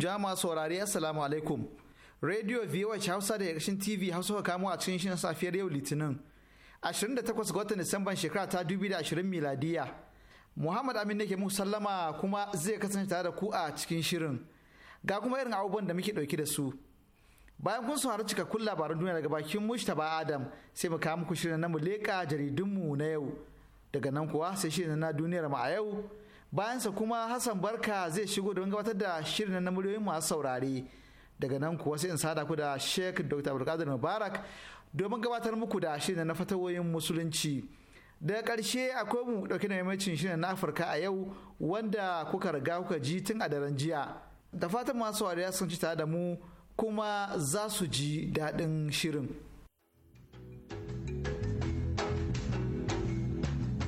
jama saurari assalamu alaikum radio viewer hausa da yarshin tv hausa ka kamo a cikin na safiyar yau litinin 28 ga watan disamban shekara ta 2020 miladiya muhammad amin ne ke muku sallama kuma zai kasance tare da ku a cikin shirin ga kuma irin abubuwan da muke dauke da su bayan kun saurari cikakkun labaran duniya daga bakin mushtaba adam sai mu kawo muku shirin na mu leƙa jaridunmu na yau daga nan kuwa sai shirin na duniyar mu a yau bayansa kuma hassan barka zai shigo don gabatar da shirin na muryoyin masu saurare daga nan kuwa sai in sada ku da sheikh dr abdulkadir mubarak domin gabatar muku da shirin na fatawoyin musulunci daga ƙarshe akwai mu ɗauke da maimacin shirin na afirka a yau wanda kuka riga kuka ji tun a daren jiya da fatan masu saurare sun ci tare da mu kuma za su ji daɗin shirin.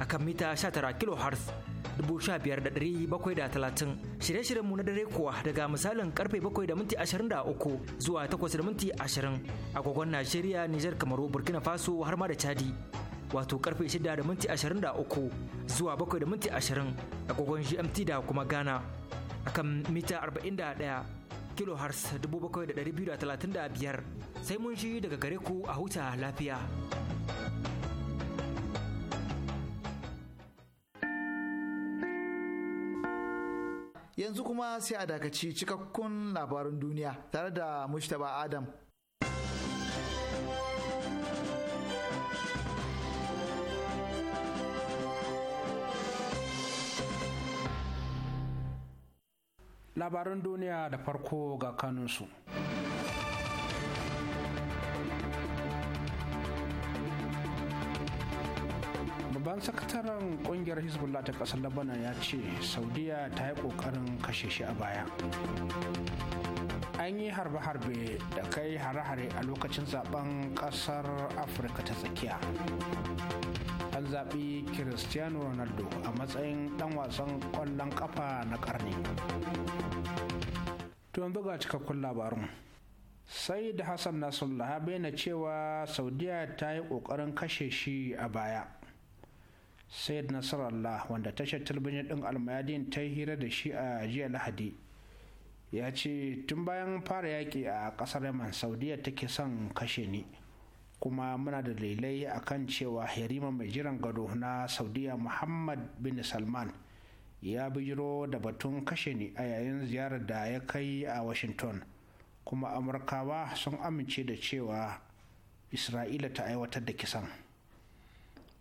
akan mita 19 kilohertz talatin shirye-shiryen mu na dare kuwa daga misalin karfe bakwai da minti zuwa takwas da minti ashirin agogon Najeriya, Nijar, Kamaru, Burkina Faso har ma da Chadi. Wato karfe shida da minti zuwa bakwai da minti ashirin agogon GMT da kuma Ghana. Akan mita 41 kilohertz biyar sai mun shi daga gare ku a huta lafiya. yanzu kuma sai a dakaci cikakkun labarin duniya tare da mushtaba Adam. Labaran duniya da farko ga kanunsu. babban sakataren kungiyar hezbollah ta kasar labanan ya ce saudiya ta yi kokarin kashe shi a baya an yi harbe-harbe da kai hare-hare a lokacin zaben kasar afirka ta tsakiya an zaɓi cristiano ronaldo a matsayin ɗan wasan ƙwallon ƙafa na ƙarni to buga cikakkun labarun. sai da hassan nasrullah ya bayyana cewa saudiya ta yi ƙoƙarin kashe shi a baya sayyid nasarallah wanda tashar talbijin ɗin almayadin ta hira da shi a jiya lahadi ya ce tun bayan fara yaƙi a ƙasar yaman saudiya take son kashe ni kuma muna da a kan cewa yarima mai jiran gado na saudiya muhammad bin salman ya bijiro da batun kashe ni a yayin ziyarar da ya kai a washington kuma amurkawa sun amince da cewa isra'ila ta aiwatar da kisan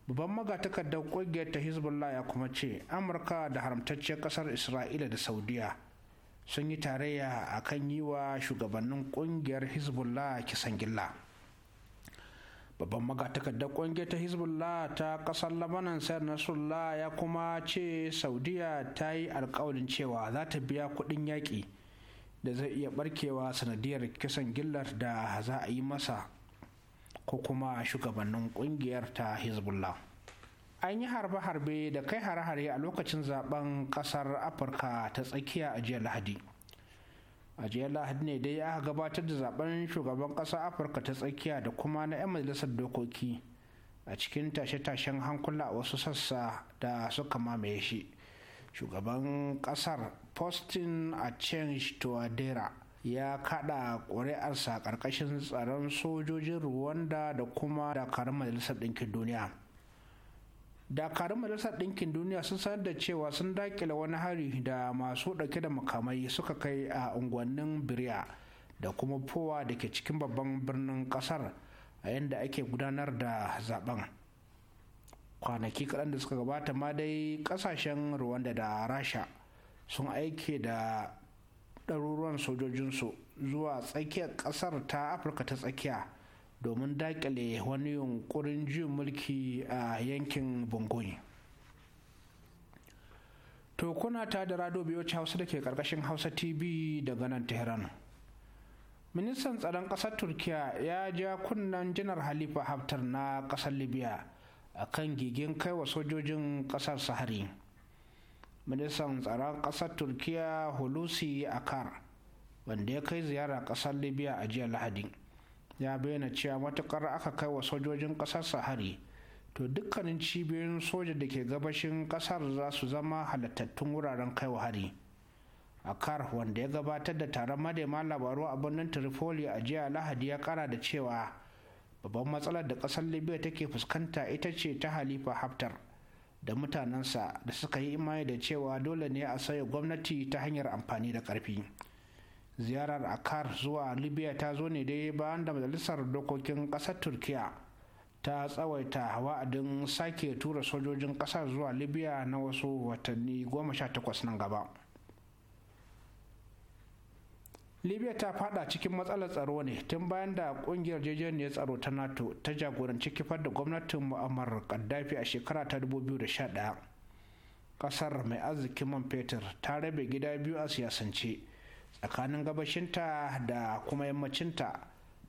babban magatakardar kungiyar ta hezbollah ya kuma ce amurka da haramtacciyar kasar isra'ila da saudiya sun yi tarayya a kan yi wa shugabannin kungiyar hezbollah kisan gilla babban magatakardar kungiyar ta hezbollah ta kasar labanan sayar nasrullah ya kuma ce saudiya ta yi alkawalin cewa za ta biya kudin yaƙi da zai iya barkewa sanadiyar kisan gillar da za a yi masa ko kuma shugabannin kungiyar ta hezbollah an yi harbe-harbe da kai hare-hare a lokacin zaben kasar afirka ta tsakiya a jiya lahadi a jiya lahadi ne dai aka gabatar da zaben shugaban kasar afirka ta tsakiya da kuma na 'yan majalisar dokoki a cikin tashe-tashen hankula a wasu sassa da suka mamaye shi shugaban kasar postin a change tuadera ya kada ƙuri'arsa ƙarƙashin tsaron sojojin ruwanda da kuma dakarun majalisar ɗinkin duniya dakarun majalisar ɗinkin duniya sun sanar da cewa sun daƙile wani hari da masu ɗauke da makamai suka kai a unguwannin birya da kuma fowa da ke cikin babban birnin ƙasar a yadda ake gudanar da zaben kwanaki kaɗan da suka gabata ma dai ƙasashen ruwanda da rasha sun aike da ɗaruruwan sojojinsu zuwa tsakiyar ƙasar ta afirka ta tsakiya domin daƙile wani yunkurin jin mulki a yankin bungoyi to kuna ta da rado biyoci hausa da ke ƙarƙashin hausa tv daga nan tehran ministan tsaron ƙasar turkiya ya ja kunnen janar halifa haftar na ƙasar libya a kan gigin kai wa sojojin ƙasar sahari ministan tsaron ƙasar turkiya hulusi akar wanda ya kai ziyara ƙasar libya a jiya lahadi ya bayyana cewa matukar aka kai wa sojojin ƙasar hari, to dukkanin cibiyoyin soja da ke gabashin ƙasar za su zama halittattun wuraren kai wa hari akar wanda ya gabatar da taron madaima labaru a birnin tripoli a jiya lahadi ya kara da cewa babban matsalar da ƙasar libya take fuskanta ita ce ta halifa haftar da mutanensa da suka yi imani da cewa dole ne a sauya gwamnati ta hanyar amfani da ƙarfi ziyarar akar zuwa libya ta zo ne dai bayan da majalisar dokokin kasar turkiya ta tsawaita wa'adin sake tura sojojin kasar zuwa libya na wasu watanni goma sha takwas nan gaba libya ta fada cikin matsalar tsaro ne tun bayan da kungiyar jejeniyar tsaro ta nato ta jagoranci kifar da gwamnatin mu'amar gaddafi a shekara ta 2011 kasar mai arzikin man fetur ta rabe gida biyu a siyasance tsakanin gabashinta da kuma yammacinta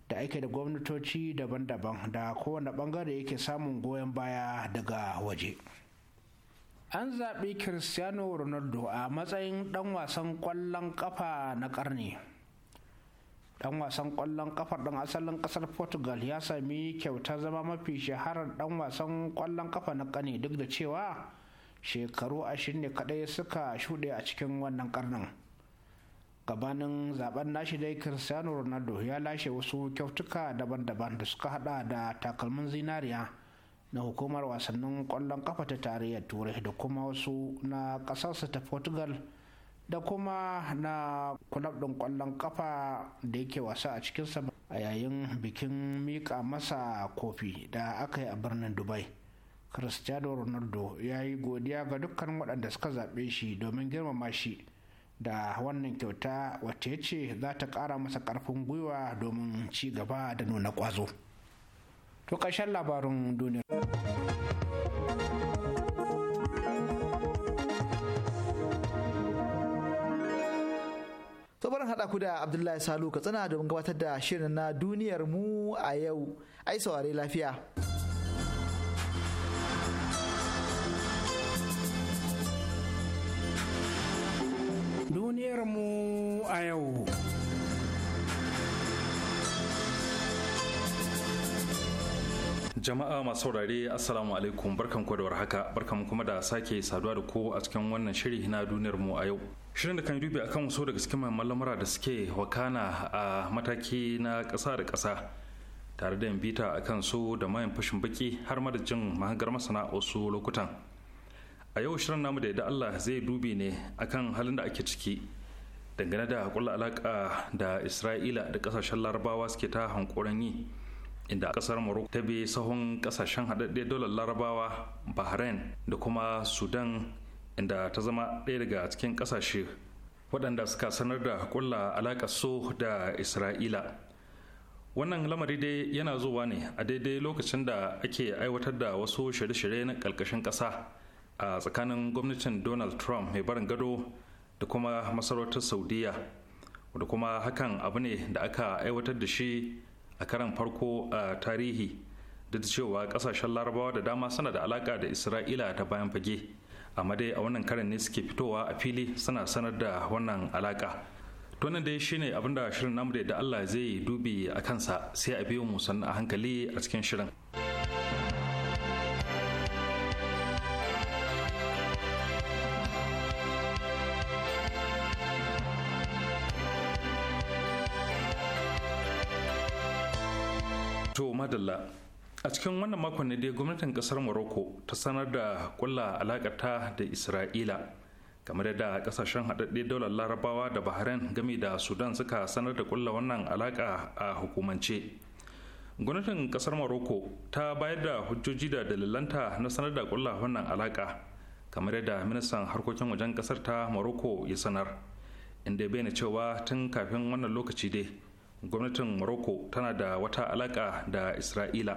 da ake da gwamnatoci daban-daban da kowane bangare yake samun goyon baya daga waje. an zaɓi cristiano ronaldo a matsayin ɗan wasan ƙwallon ƙafa na ƙarni dan wasan kwallon kafar dan asalin kasar portugal ya sami kyauta zama mafi shaharar dan wasan kwallon kafa na kane duk da cewa shekaru ashirin ne kadai suka shuɗe a cikin wannan karnin gabanin zaben nashi dai cristiano ronaldo ya lashe wasu kyautuka daban-daban da suka hada da takalmin zinariya na hukumar wasannin kwallon kafa ta tarayyar turai da kuma wasu na ƙasarsa ta portugal da kuma na kulab ɗin ƙwallon ƙafa da yake wasa a cikinsa a yayin bikin miƙa masa kofi da aka yi a birnin dubai cristiano ronaldo ya yi godiya ga dukkan waɗanda suka zaɓe shi domin girmama shi da wannan kyauta wacce ya ce za ta ƙara masa ƙarfin gwiwa domin ci gaba da nuna ƙwazo to ƙarshen labarin duniya to barin haɗa ku da abdullahi salu ka tsana domin gabatar da shirin na duniyar mu a yau ai saurare lafiya duniyar mu a yau jama'a masu saurare assalamu alaikum barkan ku haka. warhaka barkan kuma da sake saduwa da ku a cikin wannan shiri na duniyar mu a yau shirin da kan dubi akan wasu daga cikin mahimman da suke wakana a mataki na ƙasa da ƙasa tare da bita a kan su da mayan fashin baki har ma da jin mahangar masana wasu lokutan a yau shirin namu da idan allah zai dubi ne akan halin da ake ciki dangane da kulla alaka da isra'ila da ƙasashen larabawa suke ta hankoran yi inda kasar morocco ta bi sahun kasashen haɗaɗɗe dolar larabawa bahrain da kuma sudan inda ta zama ɗaya daga cikin kasashe waɗanda suka sanar da ƙulla alaƙa so da isra'ila wannan lamari dai yana zuwa ne a daidai lokacin da ake aiwatar da wasu shirye-shirye na ƙarƙashin ƙasa a tsakanin gwamnatin donald trump mai barin gado da kuma masarautar saudiya da kuma hakan abu ne da aka aiwatar da shi a karan farko a tarihi da ta cewa kasashen larabawa da dama suna da alaka da isra'ila ta bayan fage amma dai a wannan karan ne suke fitowa a fili suna sanar da wannan alaka tunan dai shine abinda shirin namu da Allah zai dubi a kansa sai a biyo mu a hankali a cikin shirin madalla a cikin wannan makon ne dai gwamnatin kasar morocco ta sanar da kulla alakata da isra'ila kamar da kasashen haɗaɗɗe daular larabawa da bahrain game da sudan suka sanar da kulla wannan alaƙa a hukumance gwamnatin kasar morocco ta bayar da hujjoji da dalilanta na sanar da kulla wannan alaƙa kamar yadda ministan harkokin wajen kasar ta morocco ya sanar inda bayyana cewa tun kafin wannan lokaci dai gwamnatin morocco tana da wata alaka da isra'ila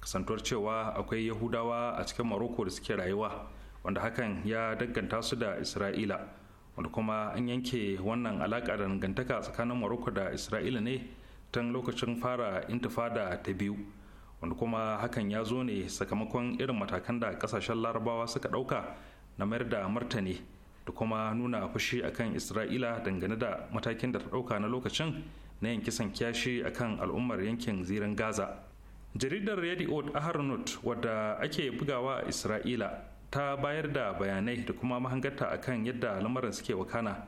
kasantuwar cewa akwai yahudawa a cikin morocco da suke rayuwa wanda hakan ya danganta su da isra'ila wanda kuma an yanke wannan alaka da dangantaka tsakanin morocco da isra'ila ne tun lokacin fara intifada ta biyu wanda kuma hakan ya zo ne sakamakon irin matakan da kasashen larabawa suka dauka na mayar da martani da kuma nuna fushi akan isra'ila dangane da matakin da ta dauka na lokacin na yin kisan kyashi kan al'ummar yankin zirin gaza jaridar yadiot aharnot wadda ake bugawa a isra'ila ta bayar da bayanai da kuma mahangarta kan yadda lamarin suke wakana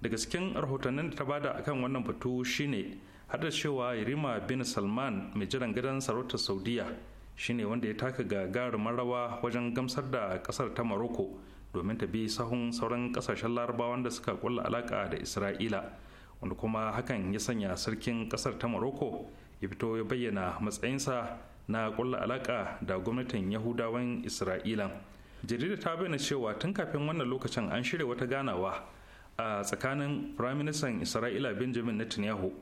daga cikin rahotannin da ta bada a kan wannan batu shine hada cewa yarima bin salman mai jiran gidan sarautar saudiya shine wanda ya taka ga gagarumin rawa wajen gamsar da kasar ta maroko domin ta bi sahun sauran kasashen larabawan da suka kulla alaka da isra'ila wanda kuma hakan ya sanya sarkin kasar ta morocco ya fito ya bayyana matsayinsa na kulla alaka da gwamnatin yahudawan isra'ila jarida ta bayyana cewa tun kafin wannan lokacin an shirya wata ganawa a tsakanin firaministan isra'ila benjamin netanyahu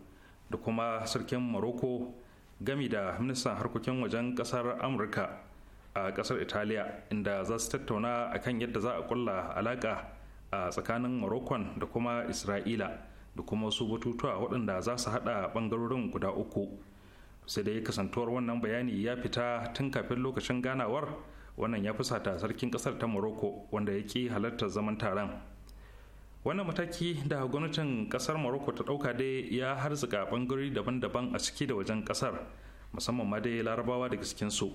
da kuma sarkin morocco gami da ministan harkokin wajen kasar amurka a kasar italiya inda za su tattauna akan yadda za a kulla alaka a tsakanin moroccan da kuma isra'ila da kuma wasu batutuwa waɗanda za su haɗa ɓangarorin guda uku sai dai kasantuwar wannan bayani ya fita tun kafin lokacin ganawar wannan ya fusata sarkin ƙasar ta morocco wanda ya ƙi halartar zaman taron wannan mataki da gwamnatin ƙasar morocco ta ɗauka dai ya harzika ɓangarori daban-daban a ciki da wajen ƙasar musamman ma dai larabawa daga su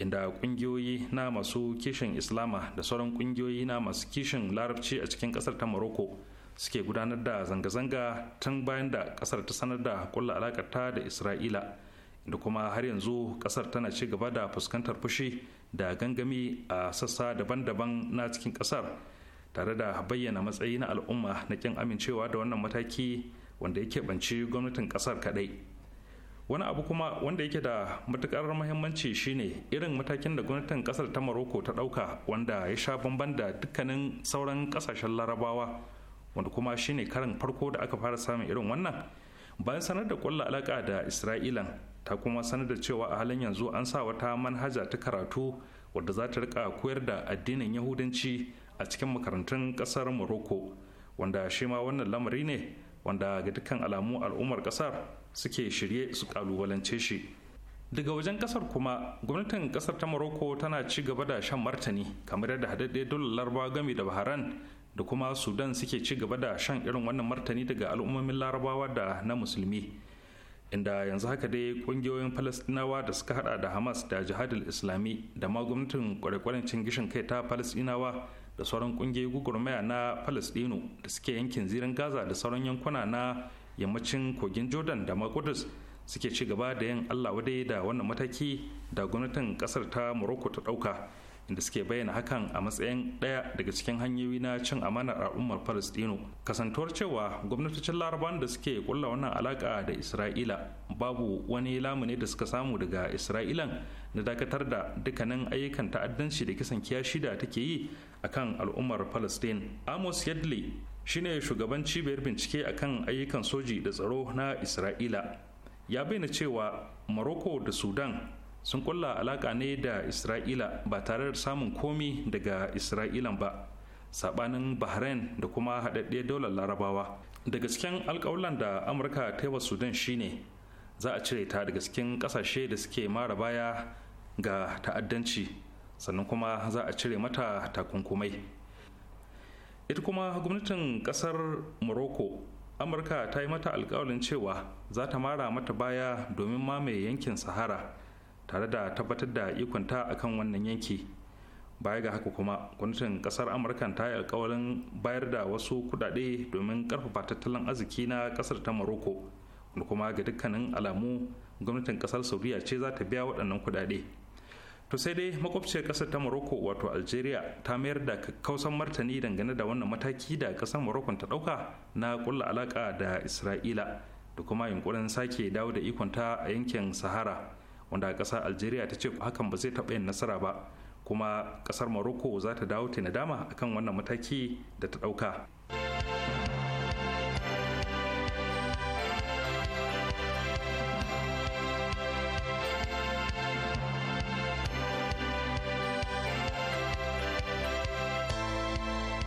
inda ƙungiyoyi na masu kishin islama da sauran ƙungiyoyi na masu kishin larabci a cikin ƙasar ta morocco suke gudanar da zanga-zanga tun bayan da kasar ta sanar da kulla alakata da isra'ila da kuma har yanzu kasar tana ci gaba da fuskantar fushi da gangami a sassa daban-daban na cikin kasar tare da bayyana matsayi na al'umma na kin amincewa da wannan mataki wanda ya keɓanci gwamnatin kasar kaɗai wani abu kuma wanda yake da matukar mahimmanci shine irin matakin da gwamnatin kasar ta maroko ta ɗauka wanda ya sha bamban da dukkanin sauran ƙasashen larabawa wanda kuma shine karin farko da aka fara samun irin wannan bayan sanar da kwallo alaka da isra'ilan ta kuma sanar da cewa a halin yanzu an sa wata manhaja ta karatu wadda za ta rika koyar da addinin yahudanci a cikin makarantun ƙasar morocco wanda shi ma wannan lamari ne wanda ga dukkan alamu al'ummar ƙasar suke shirye su kalubalance shi daga wajen ƙasar kuma gwamnatin ƙasar ta morocco tana ci gaba da shan martani kamar yadda haɗaɗɗe dole larba game da baharan da kuma sudan suke ci gaba da shan irin wannan martani daga al'ummomin larabawa da na musulmi inda yanzu haka dai kungiyoyin falastinawa da suka hada da hamas da jihadul islami da ma gwamnatin kwarekwarancin gishin kai ta falastinawa da sauran kungiyoyin gugurmaya na falastinu da suke yankin zirin gaza da sauran yankuna na yammacin kogin jordan da ma kudus suke ci gaba da yin allah wadai da wannan mataki da gwamnatin kasar ta morocco ta dauka inda suke bayyana hakan a matsayin ɗaya daga cikin hanyoyi na cin amanar al'ummar palestino kasantuwar cewa gwamnatocin laraban da suke kulla wannan alaƙa da isra'ila babu wani lamuni da suka samu daga isra'ilan na dakatar da dukkanin ayyukan ta'addanci da kisan kiyashi da take yi akan al'ummar palestine amos yadli shine shugaban cibiyar bincike akan ayyukan soji da tsaro na isra'ila ya bayyana cewa maroko da sudan sun kulla alaka ne da isra'ila ba tare da samun komi daga isra'ilan ba saɓanin bahrain da kuma haɗaɗɗe daular larabawa daga cikin alƙawulan da amurka ta yi wa sudan shine za a cire ta daga cikin ƙasashe da suke mara baya ga ta'addanci sannan kuma za a cire mata takunkumai ita kuma gwamnatin ƙasar morocco amurka ta yi mata alkawalin cewa za ta mara mata baya domin mamaye yankin sahara tare da tabbatar da ikonta kan wannan yanki baya ga haka kuma gwamnatin kasar amurka ta yi alkawarin bayar da wasu kudade domin karfafa tattalin arziki na kasar ta morocco wanda kuma ga dukkanin alamu gwamnatin kasar saudiya ce za ta biya waɗannan kudade to sai dai makwabciyar kasar ta morocco wato algeria ta mayar da kakkausan martani dangane da wannan mataki da kasar morocco ta ɗauka na kulla alaka da isra'ila da kuma yunkurin sake dawo da ikonta a yankin sahara wanda kasar algeria ta ce hakan ba zai taɓa yin nasara ba kuma kasar morocco za ta dawo ta nadama a kan wannan mataki da ta ɗauka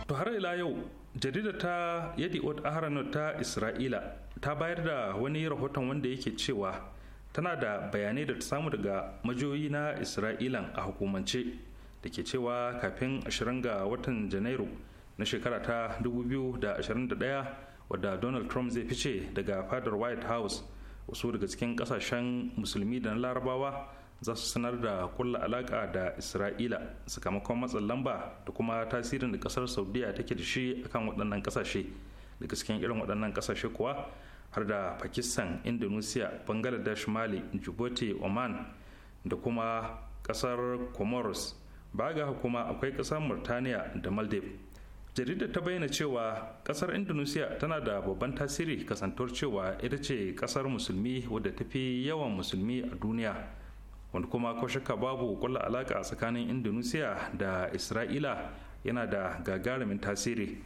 to har ila yau jaridar ta yadi ot aharanot ta isra'ila ta bayar da wani rahoton wanda yake cewa tana da bayanai da ta samu daga majoyi na isra'ilan a hukumance da ke cewa kafin 20 ga watan janairu na shekara ta 2021 wadda donald trump zai fice daga fadar white house wasu daga cikin kasashen musulmi da na larabawa za su sanar da kulla alaka da isra'ila sakamakon matsin lamba da kuma tasirin da kasar saudiya take da shi akan waɗannan kasashe daga cikin irin waɗannan kasashe kuwa har da pakistan indonesia bangladesh mali djibouti oman da kuma kasar comoros baga kuma akwai kasar murtaniya da maldives jarida ta bayyana cewa kasar indonesia tana da babban tasiri kasantar cewa ita ce kasar musulmi wadda ta fi yawan musulmi a duniya wanda kuma ko shakka babu kulla alaka tsakanin indonesia da isra'ila yana da gagarumin tasiri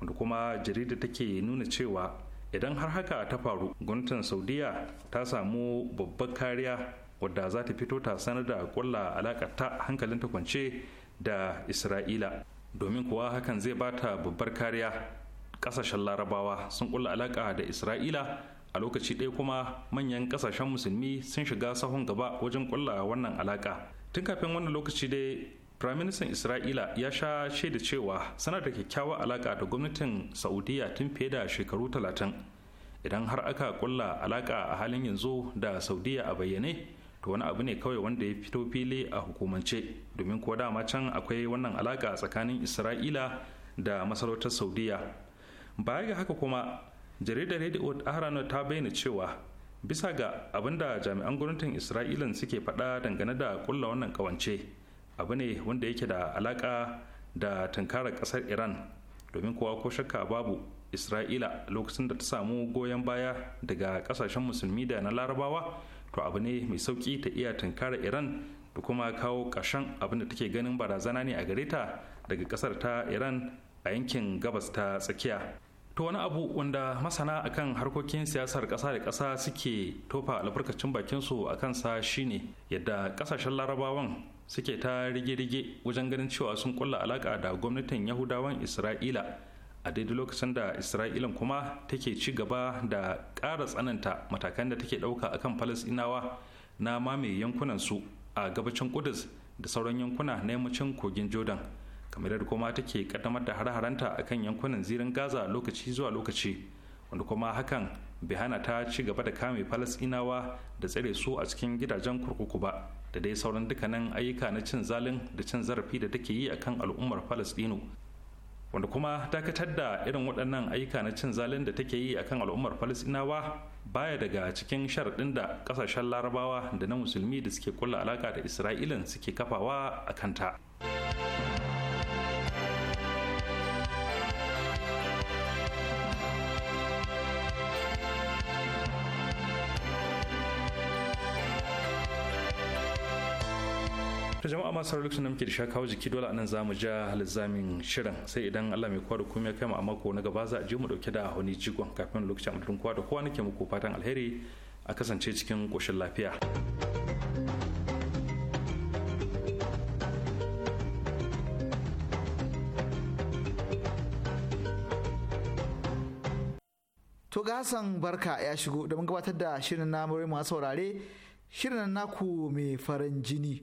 wanda kuma jarida take nuna cewa idan har haka ta faru gwamnatin saudiya ta samu babbar kariya wadda za ta fito ta sanar da kulla alaƙa ta hankalin ta kwance da isra'ila domin kuwa hakan zai ba ta babbar kariya kasashen larabawa sun kulla alaƙa da isra'ila a lokaci ɗaya kuma manyan kasashen musulmi sun shiga sahun gaba wajen kulla wannan alaƙa tun kafin wannan lokaci dai firaministan isra'ila ya sha shaida cewa sana da kyakkyawar alaka da gwamnatin saudiya tun fiye da shekaru talatin idan har aka kulla alaka a halin yanzu da saudiya a bayyane to wani abu ne kawai wanda ya fito fili a hukumance domin ko dama can akwai wannan alaka tsakanin isra'ila da masarautar saudiya baya ga haka kuma jaridar radio ahrano ta bayyana cewa bisa ga abinda jami'an gwamnatin isra'ilan suke faɗa dangane da kulla wannan kawance abu ne wanda yake da alaka da tunkarar kasar iran domin kowa ko shakka babu isra'ila lokacin da ta samu goyon baya daga kasashen musulmi da na larabawa to abu ne mai sauki ta iya tunkarar iran da kuma kawo ƙarshen abin da take ganin barazana ne a gare ta daga kasar ta iran a yankin gabas ta tsakiya to wani abu wanda masana akan harkokin siyasar ƙasa da ƙasa suke tofa albarkacin bakinsu a kansa shine yadda ƙasashen larabawan suke ta rige-rige wajen ganin cewa sun kulla alaƙa da gwamnatin yahudawan isra'ila a daidai lokacin da isra'ilan kuma take ci gaba da ƙara tsananta matakan da take ɗauka akan Falasinawa na mamaye yankunan su a gabacin kudus da sauran yankuna na yammacin kogin jordan kamar yadda kuma take kaddamar da har-haranta a kan yankunan zirin gaza lokaci zuwa lokaci wanda kuma hakan bai hana ta ci gaba da kame falasinawa da tsare su a cikin gidajen kurkuku ba da dai sauran dukkanin ayyuka na cin zalin da cin zarafi da take yi akan al'ummar falasdino wanda kuma dakatar da irin waɗannan ayyuka na cin zalin da take yi akan al'ummar falasinawa baya daga cikin sharaɗin da ƙasashen larabawa da na musulmi da suke kulla alaƙa da isra'ilan suke kafawa a kanta. ta jama'a masu lokacin da muke da shakawa jiki dole anan za mu ja lizamin shirin sai idan Allah mai kowa da kuma ya kai mu a mako na gaba za a je mu dauke da wani jigon kafin lokacin mutum kowa da kowa nake muku fatan alheri a kasance cikin koshin lafiya. To gasan barka ya shigo da mun gabatar da shirin na masu saurare shirin naku mai farin jini.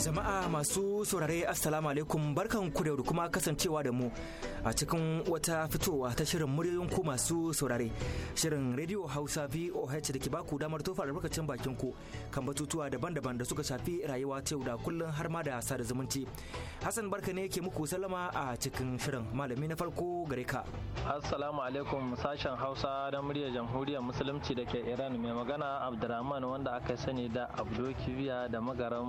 Jama'a masu saurare Assalamu alaikum barkan ku da kuma kasancewa da mu a cikin wata fitowa ta shirin muryoyin ku masu saurare. Shirin Radio Hausa VOH da ke baku damar tofa albarkacin bakin ku kan batutuwa daban-daban da suka shafi rayuwa ta yau da kullum har ma da sada zumunci. Hassan barka ne ke muku salama a cikin shirin malami na farko gare ka. Assalamu alaikum sashen Hausa da muryar Jamhuriyar Musulunci da ke Iran mai magana Abdulrahman wanda aka sani da Abdul Kibiya da magaran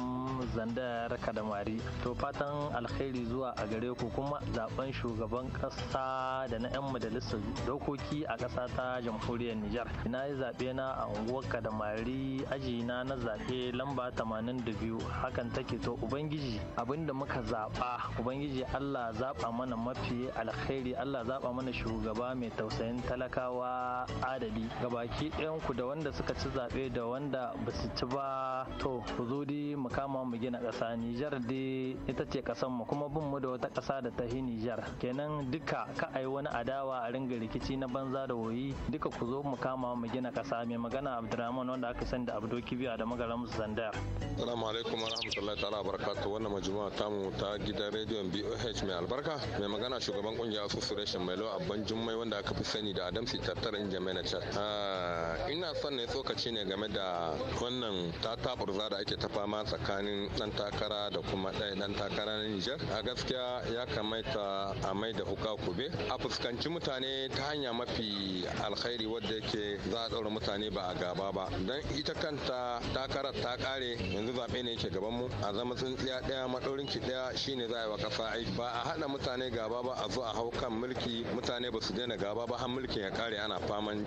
Zanda da kadamari to fatan alkhairi zuwa a gare ku kuma zaben shugaban kasa da na 'yan majalisar dokoki a kasa ta jamhuriyar nijar Ina yi zaɓe na a unguwar kadamari aji na na zaɓe lamba 82 hakan take to ubangiji abinda muka zaɓa ubangiji allah zaɓa mana mafi alkhairi allah zaba mana shugaba mai tausayin talakawa adali gabaki ɗayan ku da wanda suka ci zaɓe da wanda ba ci ba to ku zo di mu kama mu gina ƙasa Nijar dai ita ce ƙasan mu kuma bin mu da wata ƙasa da ta hi Nijar kenan duka ka ai wani adawa a ringa rikici na banza da woyi duka ku zo mu kama mu gina ƙasa mai magana Abdurrahman wanda aka sani da Abdo Kibiya da magaran Zandar. Assalamu alaikum warahmatullahi ta'ala barakatuh wannan ta mu ta gidan rediyon BOH mai albarka mai magana shugaban kungiyar association mai lawa abban jummai wanda aka fi sani da Adamsi tattara inja manager. Ah, ina son ne tsokaci ne game da wannan tataburza da ake ta fama tsakanin dan takara da kuma ɗaya eh, ɗan takara na Nijar a gaskiya ya kamata a mai da huka kube a fuskanci mutane ta hanya mafi alkhairi wadda yake za a ɗaura mutane ba a gaba ba don ita kanta takarar ta ƙare yanzu zaɓe ne yake gaban mu a zama tsintsiya ɗaya maɗaurin ki ɗaya shine za a yi wa kasa aiki ba a haɗa mutane gaba ba a zo a hau kan mulki mutane ba su daina gaba ba har mulkin ya ƙare ana faman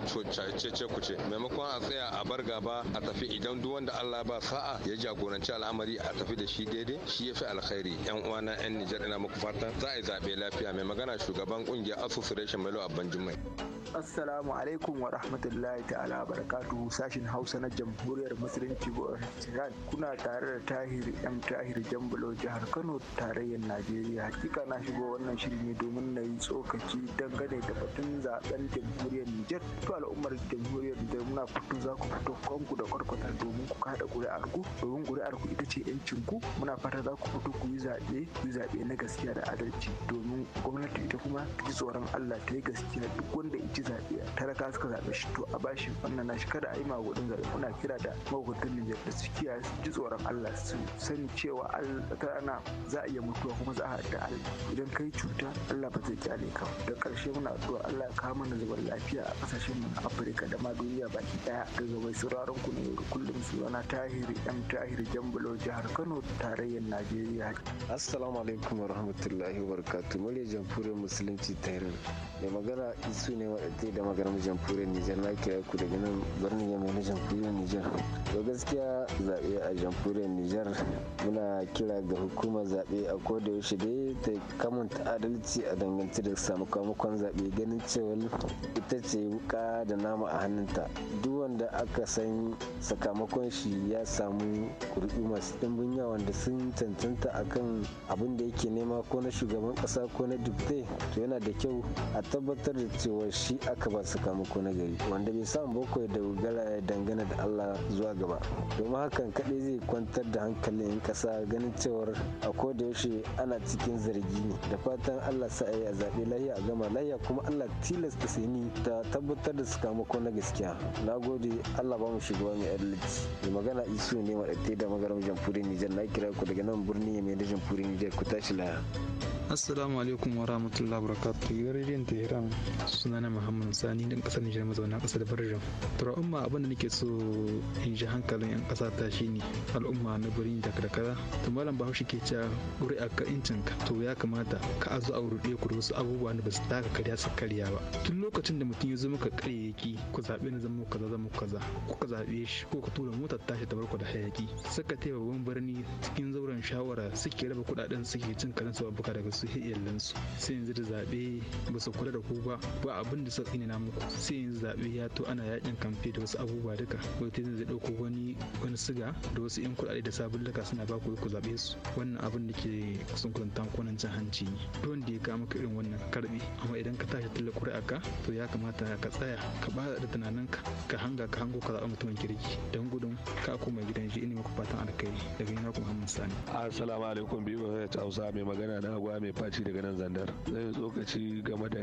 cece kuce maimakon a tsaya a bar gaba a tafi idan duk wanda Allah ba sa'a ya jagoranci al'amari a tafi tafi da shi daidai shi ya fi alkhairi yan uwana yan nijar ina muku fata za a yi zaɓe lafiya mai magana shugaban kungiyar association melo abban jummai assalamu alaikum wa rahmatullahi ta'ala barakatu sashin hausa na jamhuriyar musulunci iran kuna tare da tahir yan tahir jambulo jihar kano tarayyar najeriya hakika na shigo wannan shiri ne domin na yi tsokaci dangane da batun zaben jamhuriyar nijar to al'ummar jamhuriyar nijar muna fito za ku fito kanku da kwarkwata domin ku kada ƙuri'ar ku domin ƙuri'ar ku ita ce yancin ku muna fata za ku fito ku yi zaɓe ku yi zaɓe na gaskiya da adalci domin gwamnati ita kuma ta ji tsoron Allah ta yi gaskiya duk wanda ya ci zaɓe raka suka zaɓe shi to a bashi wannan nashi kada a yi magudin zaɓe muna kira da mahukuntan Nijar da su kiyaye su ji tsoron Allah su sani cewa ana za a iya mutuwa kuma za a da Allah idan kai cuta Allah ba zai kyale ka da ƙarshe muna addu'a Allah ya kawo mana zaman lafiya a ƙasashen mu na Afirka da ma duniya baki ɗaya daga mai sauraron ku ne kullum sunana Tahir M Tahir Jambalo jihar Kano Kano tarayyar Najeriya. Assalamu alaikum wa rahmatullahi wa barakatuh. Murya jamhuriyar musulunci ta Mai magana isu ne wadatai da mu jamhuriyar Nijar na kira ku daga nan birnin yamma na jamhuriyar Nijar. To gaskiya zaɓe a jamhuriyar Nijar muna kira ga hukumar zaɓe a koda yaushe dai ta kamun adalci a dangance da samakamakon zaɓe ganin cewa ita ce wuka da nama a hannunta. Duk wanda aka san sakamakon shi ya samu kuri'u masu ɗimbin yawa sarakuna wanda sun cancanta a kan abin da yake nema ko na shugaban kasa ko na dubte to yana da kyau a tabbatar da cewa shi aka ba su ko na gari wanda bai samu boko da dogara ya dangana da Allah zuwa gaba domin hakan kadai zai kwantar da hankalin kasa ganin cewar a ko da yaushe ana cikin zargi ne da fatan Allah sa a zabe lahiya a gama lahiya kuma Allah tilasta sani ta tabbatar da su sakamako na gaskiya nagode Allah ba mu shugaba mai adalci mai magana isu ne ma da magaram jamhuriyar Nijar na kira ku daga nan birni mai da jamhuriyar Nijar ku tashi laya. assalamu alaikum wa rahmatullahi wa barakatuh yau rediyon tehran na muhammad sani dan kasar nijar mazauna kasar barjan Tura umma abin da nake so in ji hankalin yan kasa ta shine al'umma na birni da karkara to malam bahaushe ke cewa wuri a incin ka to ya kamata ka azu a ruɗe ku da wasu abubuwa da ba su taka karya su karya ba tun lokacin da mutum ya zo maka ƙaryayyaki ku zaɓe ni zama kaza zama kaza kuka zaɓe shi ko ka tura motar tashi ta barku da hayaki saka ta babban birni cikin zauren shawara suke raba kuɗaɗen suke cin karansu babuka daga su iyalansu sai yanzu da zaɓe ba su kula da ku ba ba abin da suka ne na muku sai yanzu zaɓe ya to ana yakin kamfe da wasu abubuwa duka wai ta zai ɗauko wani wani siga da wasu yan kuɗaɗe da sabulluka suna ba ku ku zaɓe su wannan abin da ke sun ko cin hanci ne Don wanda ya kawo maka irin wannan karbi amma idan ka tashi talla ƙuri'a ka to ya kamata ka tsaya ka ba da tunaninka ka hanga ka hango ka zaɓa mutumin kirki don gudun ka koma gidan shi ina muku fatan alkhairi daga yana kuma Muhammad Sani. Assalamu alaikum biyu ta Hausa mai magana na gwamnati mai faci daga nan zandar zai tsokaci game da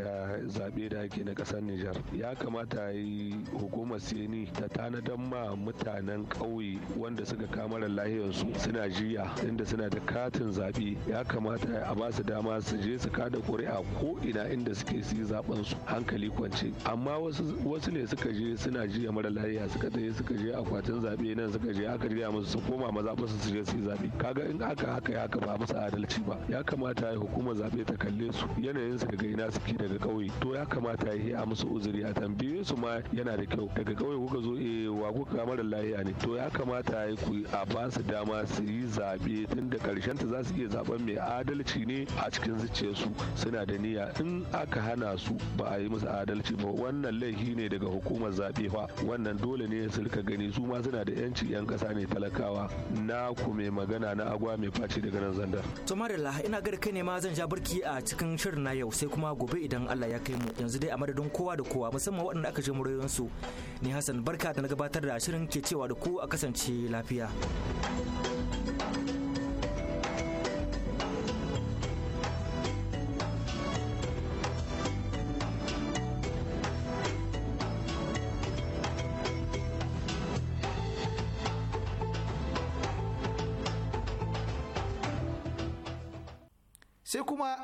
zaɓe da ake na ƙasar nijar ya kamata yi hukumar seni ta tanadar ma mutanen ƙauye wanda suka kamar lahiyarsu suna jiya inda suna da katin zaɓe ya kamata a ba su dama su je su kada ƙuri'a ko ina inda suke su yi zaɓen su hankali kwance amma wasu ne suka je suna jiya mara lahiya suka tafi suka je akwatin zaɓe nan suka je aka jiya musu su koma maza su je su yi zaɓe kaga in aka haka ya ka ba musu adalci ba ya kamata ya hukumar zaɓe ta kalle su yanayin su daga ina suke daga ƙauye to ya kamata ya a musu uzuri a tambaye su ma yana da kyau daga ƙauye kuka zo eh wa kuka mara lahiya ne to ya kamata ya ku a ba su dama su yi zaɓe tun da ƙarshen ta za su iya zaɓen mai adalci ne a cikin su suna da niyya in aka hana su ba a yi musu adalci ba wannan laifi ne daga hukumar zaɓe fa wannan dole ne su rika gani su ma suna da yanci yan ƙasa ne talakawa na ku mai magana na agwa mai face daga nan zandar. to ina ga kai ne ma zan ja barki a cikin shirin na yau sai kuma gobe idan Allah ya kai mu yanzu dai a madadin kowa da kowa musamman waɗanda aka je murayen su ni Hassan barka da na gabatar da shirin ke cewa da ku a kasance lafiya.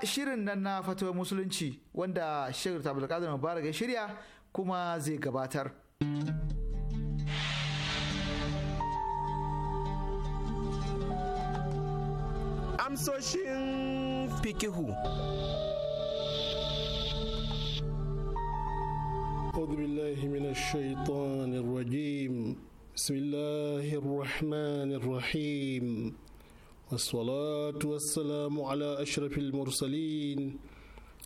shirin nan na fatawar musulunci wanda shirin tabbatar mubarak ya shirya kuma zai gabatar. Amsoshin fikihu. أعوذ بالله من الشيطان الرجيم بسم الله الرحمن والصلاة والسلام على أشرف المرسلين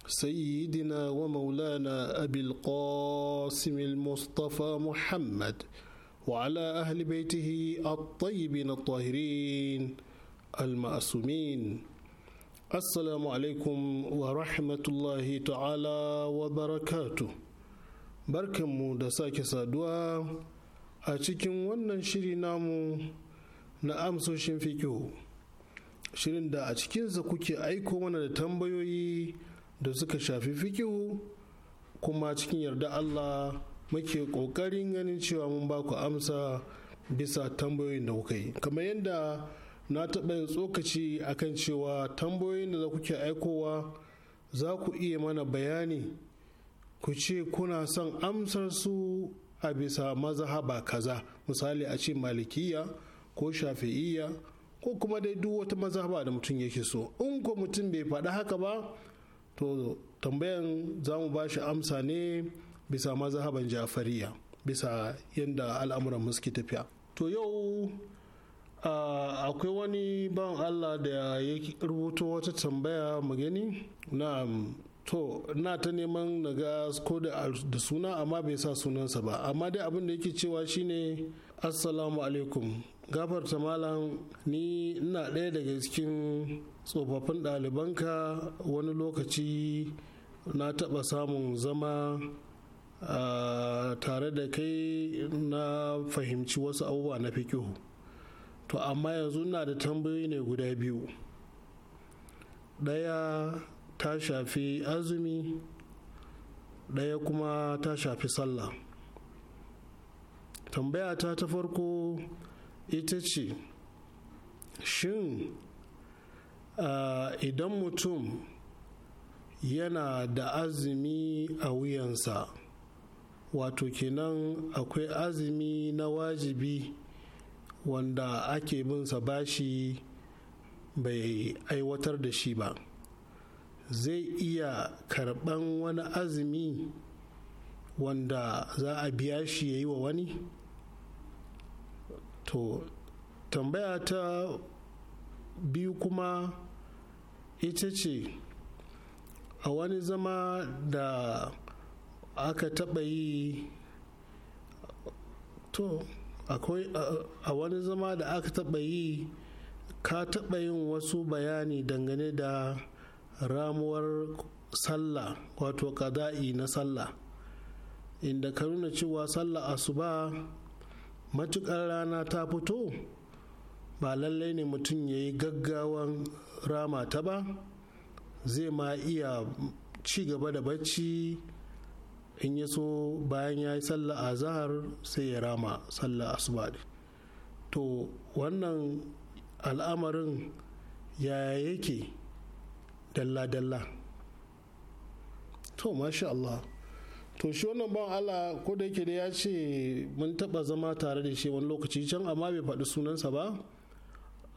سيدنا ومولانا أبي القاسم المصطفى محمد وعلى أهل بيته الطيبين الطاهرين المأسومين السلام عليكم ورحمة الله تعالى وبركاته بركة da sake saduwa a cikin wannan shiri shirin da a cikinsa kuke aiko mana da tambayoyi da suka shafi fikihu kuma cikin yarda Allah muke ƙoƙarin ganin cewa mun ba ku amsa bisa tambayoyin da kuka yi kamar yadda na taɓa yin tsokaci a kan cewa tambayoyin da za kuke aikowa za ku iya mana bayani ku ce kuna son amsar su a bisa mazahaba kaza misali a ce malikiya ko shafi'iyya ko kuma dai duk wata maza ba da mutum yake so in ko mutum bai faɗi haka ba to tambayan za mu ba shi amsa ne bisa mazhaban jafariya bisa yadda al'amuran suke tafiya to yau akwai wani ban allah da ya rubuto wata tambaya mu gani na to na ta neman na ga ko da suna amma bai sa sunansa ba amma dai abin da yake cewa shine assalamu alaikum gafarta malam ni ina ɗaya daga cikin tsofaffin ɗalibanka wani lokaci na taɓa samun zama a tare da kai na fahimci wasu abubuwa na fikihu to amma yanzu na da tambayoyi ne guda biyu ɗaya ta shafi azumi ɗaya kuma ta shafi sallah tambaya ta ta farko ita ce shin idan mutum yana da azumi a wuyansa wato kenan akwai azumi na wajibi wanda ake binsa bashi bai aiwatar da shi ba zai iya karɓan wani azumi wanda za a biya shi ya yi wa wani to tambaya ta biyu kuma ita ce a wani zama da aka taɓa yi to akwai a wani zama da aka taɓa yi ka taɓa yin wasu bayani dangane da ramuwar sallah wato ƙada'i na sallah inda ka nuna cewa sallah asuba matukar rana ta fito ba lallai ne mutum ya yi gaggawan rama ta ba zai ma iya ci gaba da bacci in ya so bayan ya yi sallah a zahar sai ya rama sallah asuba to wannan al'amarin ya yake dalla-dalla to masha Allah to shi wannan ban Allah ko da yake da ya ce mun taba zama tare da shi wani lokaci can amma bai faɗi sunansa ba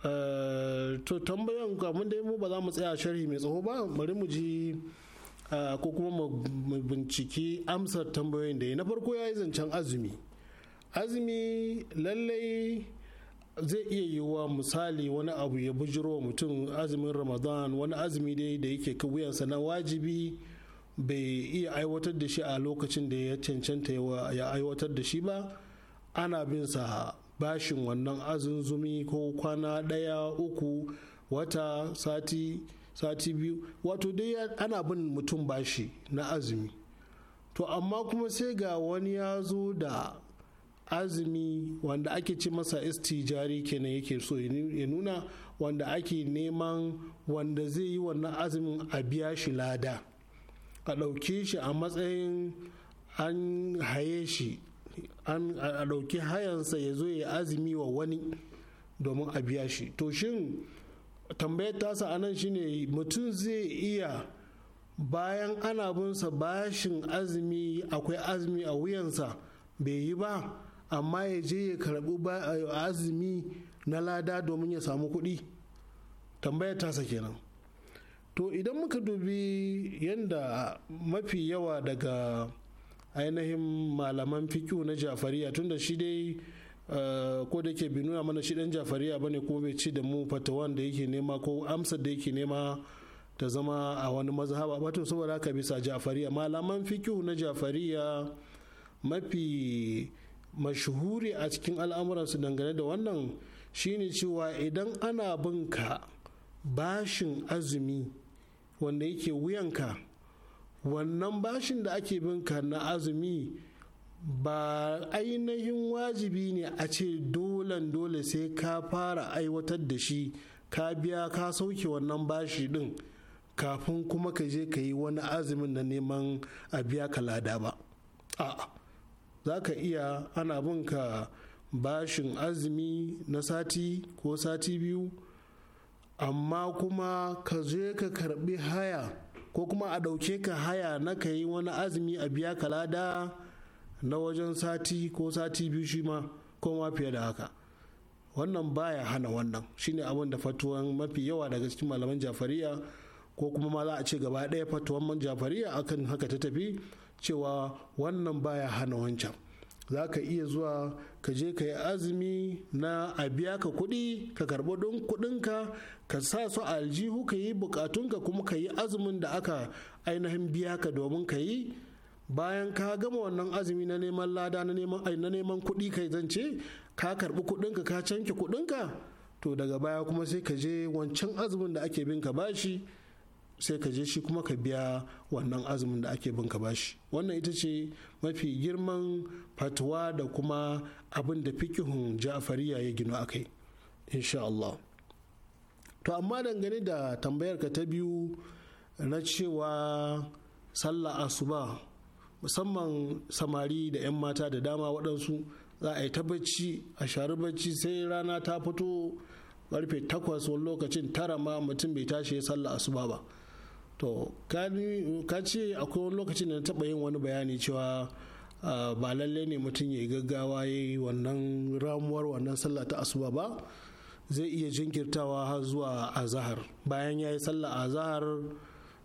eh, to tambayan mun dai mu ba za mu tsaya sharhi mai tsaho ba bari mu ji eh, ko kuma mu binciki amsar tambayoyin da ya na farko ya yi zancen azumi azumi lallai zai iya yiwuwa misali wani abu ya bujiro mutum azumin ramadan wani azumi dai da yake wuyansa na wajibi bai iya aiwatar da shi a lokacin da ya cancanta ya aiwatar da shi ba ana bin sa bashin wannan azunzumi ko kwana ɗaya uku wata sati sati biyu wato dai ana bin mutum bashi na azumi to amma kuma sai ga wani ya zo da azumi wanda ake ci masa istijari kenan yake so ya nuna wanda ake neman wanda zai yi wannan azumin a biya shi lada a ɗauke shi a matsayin an haye shi a ɗauki hayansa ya zo ya azumi wa wani domin a biya shi to shin tambayar tasa anan shine mutum zai iya bayan ana binsa bashin azumi akwai azumi a wuyansa bai yi ba amma ya je ya karɓi eh, azumi na lada domin ya samu kuɗi tambayar tasa kenan to idan muka dubi yadda mafi yawa daga ainihin malaman fikiyu na jafariya tunda shi dai eh, ko da ke bi nuna mana shi dan jafariya bane ko bai ci da mu fatawan da yake nema ko amsar da yake nema ta zama a wani mazhaba ba to saboda haka bisa jafariya malaman fikihu na jafariya mafi mashuhuri a cikin al'amuransu dangane da wannan shine cewa idan ana bin bashin azumi wanda yake wuyanka wannan bashin da ake binka na azumi ba ainihin wajibi ne a ce dolan dole sai ka fara aiwatar da shi ka biya ka sauke wannan bashi din kafin kuma ka je ka yi wani azumin na neman a biya ka lada ba a'a za ka iya ana bin ka bashin azumi na sati ko sati biyu amma kuma ka je ka karbi haya ko kuma a dauke ka haya na ka yi wani azumi a biya ka lada na wajen sati ko sati biyu shi ma ko ma fiye da haka wannan baya hana wannan shine abin da fatuwan mafi yawa daga cikin malaman jafariya ko kuma ma za a ce gaba ɗaya fatuwan man jafariya akan haka ta tafi cewa wannan baya hana wancan za ka iya zuwa ka je ka yi azumi na a biya ka kuɗi ka karɓi don kuɗinka ka sa su a aljihu ka yi bukatunka kuma ka yi azumin da aka ainihin biya ka domin ka yi bayan ka gama wannan azumi na neman lada na neman kuɗi kai zance ka karɓi kuɗinka ka canke kuɗinka to daga baya kuma sai ka je wancan azumin da ake bin ka bashi sai ka je shi kuma ka biya wannan azumin da ake bin ka bashi wannan ita ce mafi girman fatuwa da kuma abin da fikihun ja'fariya ya gino a kai insha Allah to amma dangane da tambayar ka ta biyu na cewa sallah asuba musamman samari da 'yan mata da dama waɗansu za a yi ta bacci a shari bacci sai rana ta fito karfe takwas wani lokacin tara ma mutum bai tashi ya sallah asuba ba to ka ce akwai wani lokacin da na taɓa yin wani bayani cewa ah, ba lalle ne mutum ya yi gaggawa ya yi wannan ramuwar wannan sallah ta asuba ba zai iya jinkirtawa har zuwa azahar bayan ya yi sallah azahar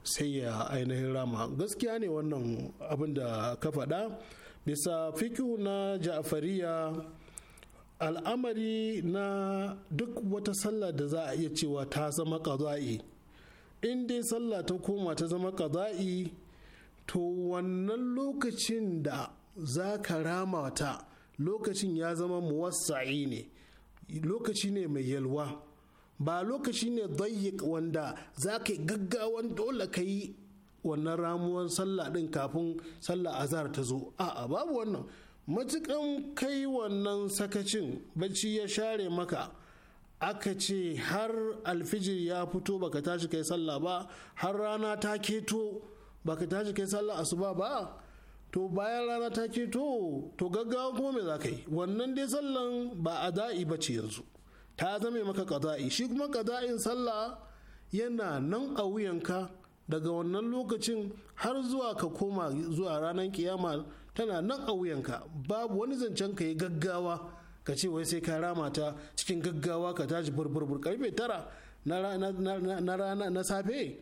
sai ya ainihin rama gaskiya ne wannan abin da ka faɗa bisa fikihu na ja'afariya al'amari na duk wata sallah da za a iya cewa ta zama ƙaza'i in dai sallah ta koma ta zama ƙaza'i to wannan lokacin da za ka rama ta lokacin ya zama muwassa'i ne lokaci ne mai yalwa ba lokaci ne dayyik wanda za ka gaggawan dole ka yi wannan ramuwan sallah ɗin kafin sallah azhar ta zo a'a babu wannan matukan kai wannan sakacin bacci ya share maka aka ce har alfijir ya fito baka tashi kai sallah ba har rana ta keto baka tashi kai sallah asuba ba to bayan rana ta keto to gaggawa kuma me za ka yi wannan dai sallan ba a da'i ba ce yanzu ta zame maka kaza'i shi kuma kaza'in sallah yana nan a wuyanka daga wannan lokacin har zuwa ka koma zuwa ranar kiyama tana nan a wuyanka babu wani zancen ka yi gaggawa ka ce wai sai ka rama ta cikin gaggawa ka tashi burburbur karfe tara na rana na safe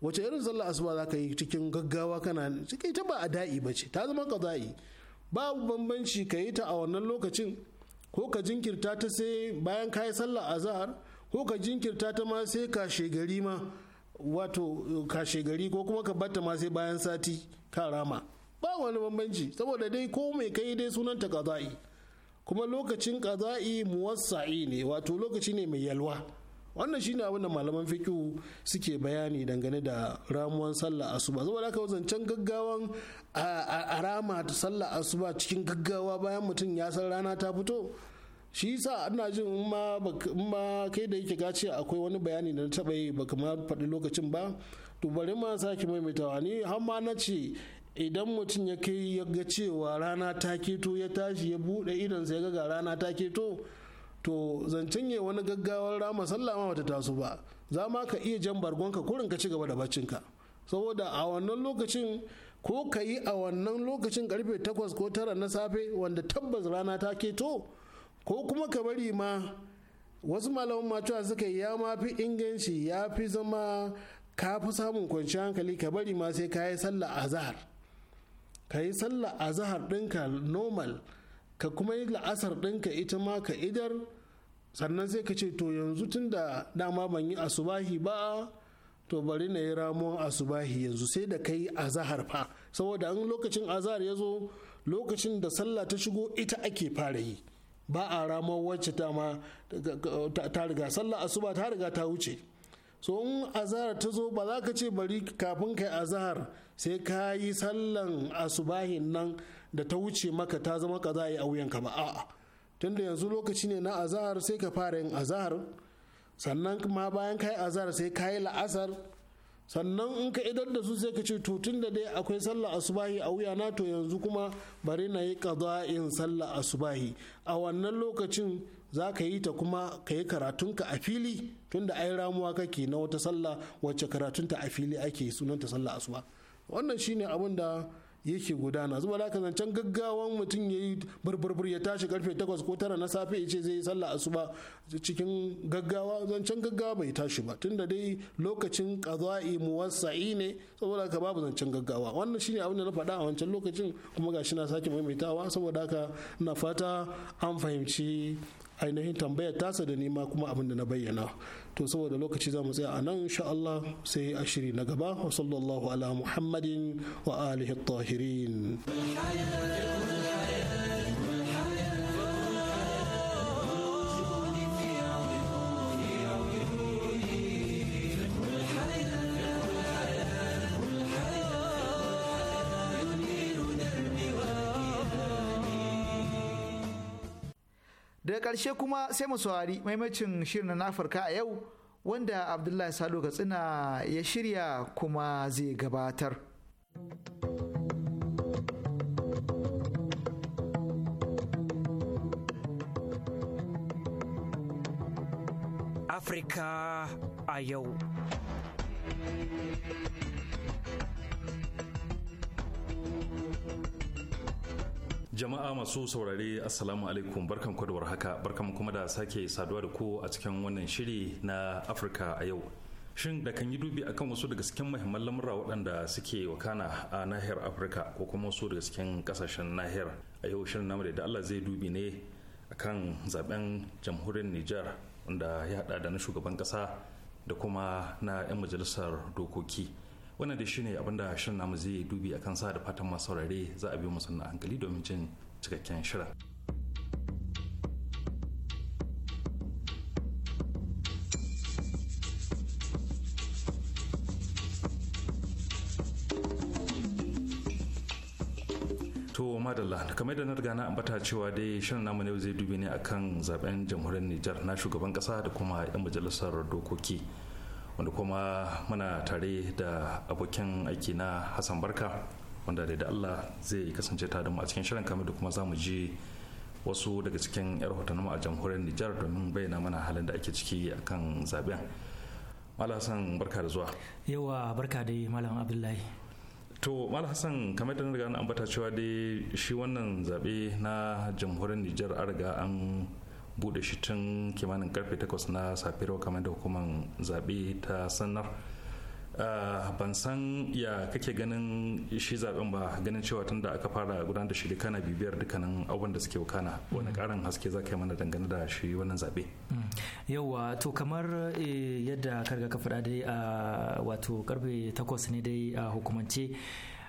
wace irin sallar asuba za ka yi cikin gaggawa kana cikin ta ba a da'i ba ce ta zama kaza'i babu bambanci ka yi ta a wannan lokacin ko ka jinkirta ta sai bayan ka yi sallar azahar ko ka jinkirta ta ma sai ka shegari ma wato ka shegari ko kuma ka batta ma sai bayan sati ka rama ba wani bambanci saboda dai ko mai kai dai sunanta kaza'i kuma lokacin ƙaza'i muwassa'i ne wato lokaci ne mai yalwa wannan shine abin da malaman fiqh suke bayani dangane da ramuwan sallah asuba saboda haka zancen gaggawan a rama ta sallah asuba cikin gaggawa bayan mutum ya san rana ta fito shi sa ina jin in ma kai da yake gace akwai wani bayani da na taba yi baka ma faɗi lokacin ba to bari ma sake maimaitawa ni har ma na ce idan mutum ya kai ya ga cewa rana ta keto ya tashi ya buɗe idonsa ya ga rana ta keto to zancen ya wani gaggawar rama sallah ma bata taso ba za ma ka iya jan bargonka kurin ka ci gaba da baccinka saboda a wannan lokacin ko ka yi a wannan lokacin karfe 8 ko 9 na safe wanda tabbas rana ta keto ko kuma ka bari ma wasu malaman matuwa suka yi ya ma fi inganci ya fi zama ka fi samun kwanciyar hankali ka bari ma sai ka yi sallah a zahar. ka yi sallah a zahar ɗinka normal ka kuma yi la'asar ɗinka ita ma ka idar sannan sai ka ce to yanzu tun da dama ban yi asubahi ba to bari na yi ramuwan asubahi yanzu sai da kai azahar fa saboda an lokacin azahar ya zo lokacin da sallah ta shigo ita ake fara yi ba a ramuwan wacce ta ma ta riga sallah asuba ta riga ta wuce so in azahar ta zo ba za ka ce bari kafin kai azahar sai ka yi sallan asubahin nan da ta wuce maka ta zama kaza a wuyanka ba a'a tunda yanzu lokaci ne na azahar sai ka fara yin azahar sannan ma bayan ka yi azahar sai ka yi la'asar sannan in ka idar da su sai ka ce to tun da dai akwai sallah asubahi a wuya na to yanzu kuma bari na yi kazain sallah asubahi a wannan lokacin za ka yi ta kuma ka yi karatunka a fili tunda ai ramuwa kake na wata sallah wacce karatunta a fili ake sunanta sallah asubahi wannan shine abin da yake gudana zuba da zancen gaggawan mutum ya yi burburbur ya tashi karfe 8 ko 9 na safe ya ce zai yi sallah asuba cikin gaggawa zancen gaggawa bai tashi ba tunda dai lokacin qada'i muwassa'i ne saboda haka babu zancen gaggawa wannan shine abin da na faɗa a wancan lokacin kuma gashi na sake maimaitawa saboda haka na fata an fahimci ainihin tambayar tasa da nima kuma abin da na bayyana to saboda lokaci za mu tsaya a nan insha Allah sai a shiri na gaba wa sallallahu ala muhammadin wa alihi tahirin daga ƙarshe kuma sai mu saurari maimacin shirin na afirka a yau wanda abdullahi salo katsina ya shirya kuma zai gabatar afirka a yau Jama'a masu saurare Assalamu alaikum barkan ku da warhaka barkan kuma da sake saduwa da ku a cikin wannan shiri na Afirka a yau. Shin da kan yi dubi akan wasu daga cikin muhimman lamura waɗanda suke wakana a nahiyar Afirka ko kuma wasu daga cikin kasashen nahiyar a yau shirin namu da Allah zai dubi ne akan zaben jamhuriyar niger wanda ya haɗa da na shugaban ƙasa da kuma na 'yan majalisar dokoki. wannan da shine abinda shirin namu zai dubi a sa da fatan masu saurare za a bi mu sannan hankali domin cin cikakken shirin madalla kamar da na riga na ambata cewa dai shirin namu ne zai dubi ne akan zaben jamhuriyar Nijar na shugaban kasa da kuma 'yan majalisar dokoki wanda kuma muna tare da abokin aiki na hassan barka wanda da allah zai kasance ta da mu a cikin shirin kamar da kuma za mu ji wasu daga cikin 'yar hotunan a jamhuriyar nijar domin bayyana mana halin da ake ciki a kan zaben hassan barka da zuwa yawa barka dai malam abdullahi to hassan kamar da na riga an ambata cewa dai shi wannan zaɓe na jamhuriyar nijar an riga an bude shi tun kimanin karfe 8 na safiro kamar da hukumar zaɓe ta sanar ah, ban san ya kake ganin shi zaben ba ganin cewa tun da aka fara gudanar da shi kana bibiyar dukkanin abubuwan da suke wakana wani karin haske za ka yi mana dangane da shi wannan zaɓe. Mm. yauwa to kamar eh, yadda karga ka faɗa dai ah, wato karfe 8 ne dai a hukumance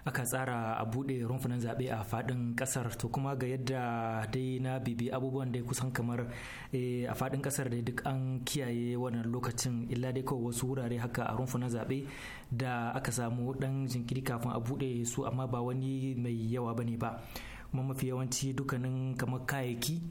aka tsara a buɗe rumfunan zaɓe a faɗin ƙasar to kuma ga yadda dai na bibi abubuwan dai kusan kamar eh, a faɗin ƙasar dai duk an kiyaye wannan lokacin illa dai kawai wasu wurare haka a rumfunan zaɓe da aka samu ɗan jinkiri kafin a bude su amma ba wani mai yawa bane ba kuma mafi yawanci dukkanin kamar kayayyaki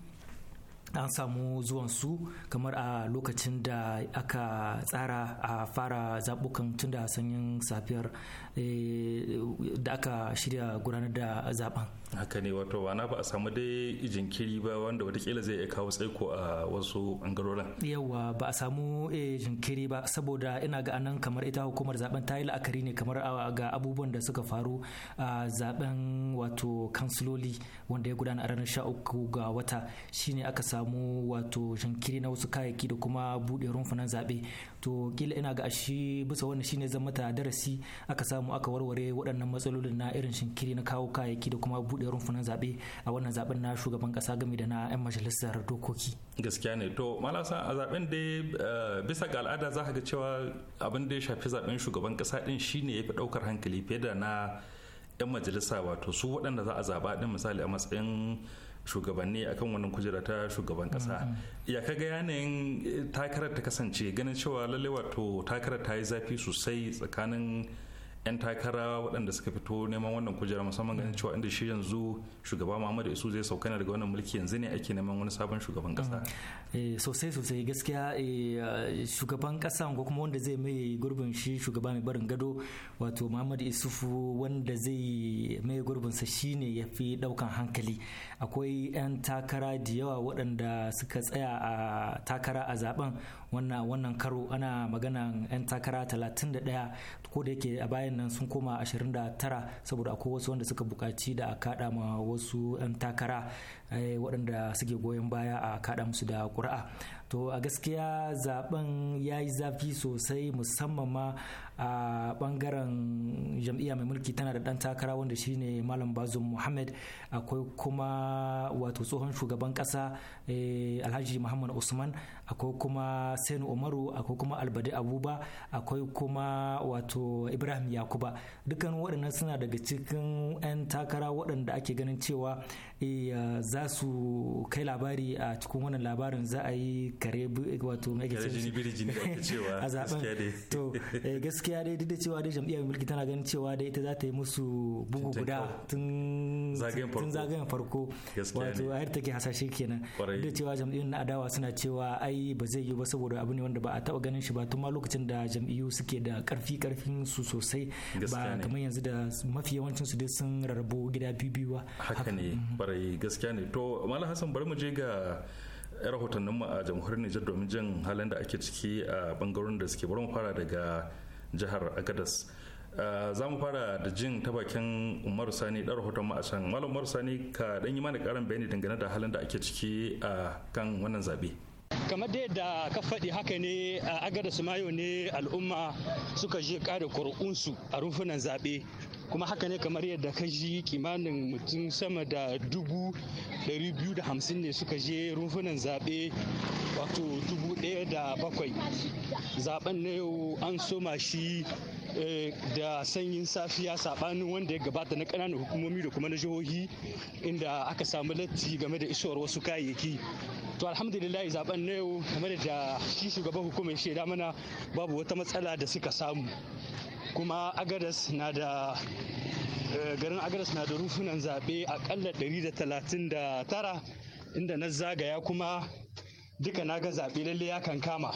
an samu zuwan su kamar a lokacin da aka tsara a fara zaɓukan tun sanyin safiyar eh, da aka shirya gudanar da zaben haka ne wato wana ba a samu dai jinkiri ba wanda watakila zai iya kawo tsaiko a wasu bangarorin yawa ba a samu eh, jinkiri ba saboda ina ga anan kamar ita hukumar zaben ta yi la'akari ne kamar ah, ga abubuwan da suka faru a zaben wato kansuloli wanda ya gudana a ranar sha uku ga wata shine aka samu wato jinkiri na wasu kayayyaki da kuma buɗe rumfunan zaɓe to kila ina ga shi bisa wannan shine zan mata darasi aka samu aka warware waɗannan matsalolin na irin shinkiri na kawo kayayyaki da kuma buɗe rumfunan zaɓe a wannan zaɓen na shugaban kasa game da na 'yan majalisar dokoki gaskiya ne to malasa a zaɓen da eh, bisa ga al'ada za ka ga cewa abin da ya shafi zaɓen shugaban kasa din shine ya fi ɗaukar hankali fiye da na 'yan majalisa wato su waɗanda za a zaɓa ɗin misali a matsayin shugabanni akan wannan kujera ta shugaban kasa mm-hmm. ya kaga yanayin eh, takarar ta kasance ganin cewa lallai wato takarar ta yi zafi sosai tsakanin 'yan takara waɗanda suka fito neman wannan kujera musamman ganin cewa inda shi yanzu shugaba muhammadu isu zai sauka daga wannan mulki yanzu ne ake neman wani sabon shugaban kasa mm. eh, sosai sosai gaskiya eh, shugaban kasa ko kuma wanda zai mai gurbin shi shugaba mai barin gado wato muhammadu isufu wanda zai mai gurbin sa shine ya fi daukan hankali akwai 'yan takara da yawa waɗanda suka tsaya a takara a zaben wannan karo ana magana 'yan takara 31 ko da yake a bayan sunayen nan sun koma 29 saboda akwai wasu wanda suka bukaci da a kada ma wasu 'yan takara eh, waɗanda suke goyon baya a kada musu da ƙuri'a to a gaskiya zaben ya yi zafi sosai musamman ma a bangaren jam'iyya mai mulki tana da dan takara wanda shine malam bazum muhammad akwai kuma wato tsohon shugaban kasa eh, alhaji muhammad usman akwai kuma sainu umaru akwai kuma albadi abuba akwai kuma wato ibrahim yakuba dukkan waɗannan suna daga cikin 'yan takara waɗanda ake ganin cewa Eh, ah, za su kai labari a cikin wannan labarin za a yi kare wato mai a zaben to eh, gaskiya dai duk da cewa dai jam'iyyar mulki tana ganin cewa dai ita za ta yi musu bugu guda tun zagayen farko wato a yadda take hasashe kenan duk da cewa jam'iyyun na adawa suna cewa ai ba zai yi ba saboda abu ne wanda ba a taba ganin shi ba tun ma lokacin da jam'iyyu suke da karfi karfin su sosai ba kamar yanzu da mafi yawancin su dai sun rarrabu gida biyu biyu haka ne mhm. ra'ayi gaskiya ne to malam hassan bari mu je ga yan rahotannin mu a jamhuriyar Nijar domin jin halin da ake ciki a bangaren da suke bari mu fara daga jihar Agadas za mu fara da jin ta bakin Umaru Sani dan rahoton mu a can malam Umaru Sani ka dan yi mana karin bayani dangane da halin da ake ciki a kan wannan zabe kamar dai da ka faɗi haka ne a agada sumayo ne al'umma suka je kada kuri'unsu a rumfunan zaɓe kuma haka ne kamar yadda ka ji kimanin mutum sama da dubu ɗari biyu da hamsin ne suka je rumfunan zaɓe wato dubu ɗaya da bakwai zaɓen na yau an soma shi eh, da sanyin safiya saɓanin wanda ya gabata na ƙananan hukumomi da kuma na jihohi inda aka samu latti game da isowar wasu kayayyaki to alhamdulillah zaben na yau kamar da shi shugaban hukumar shaida mana babu wata matsala da suka samu kuma agadas na da eh, garin agadas na da rufunan zaɓe akalla 139 inda na zagaya kuma duka na ga zaɓe lalle ya kan kama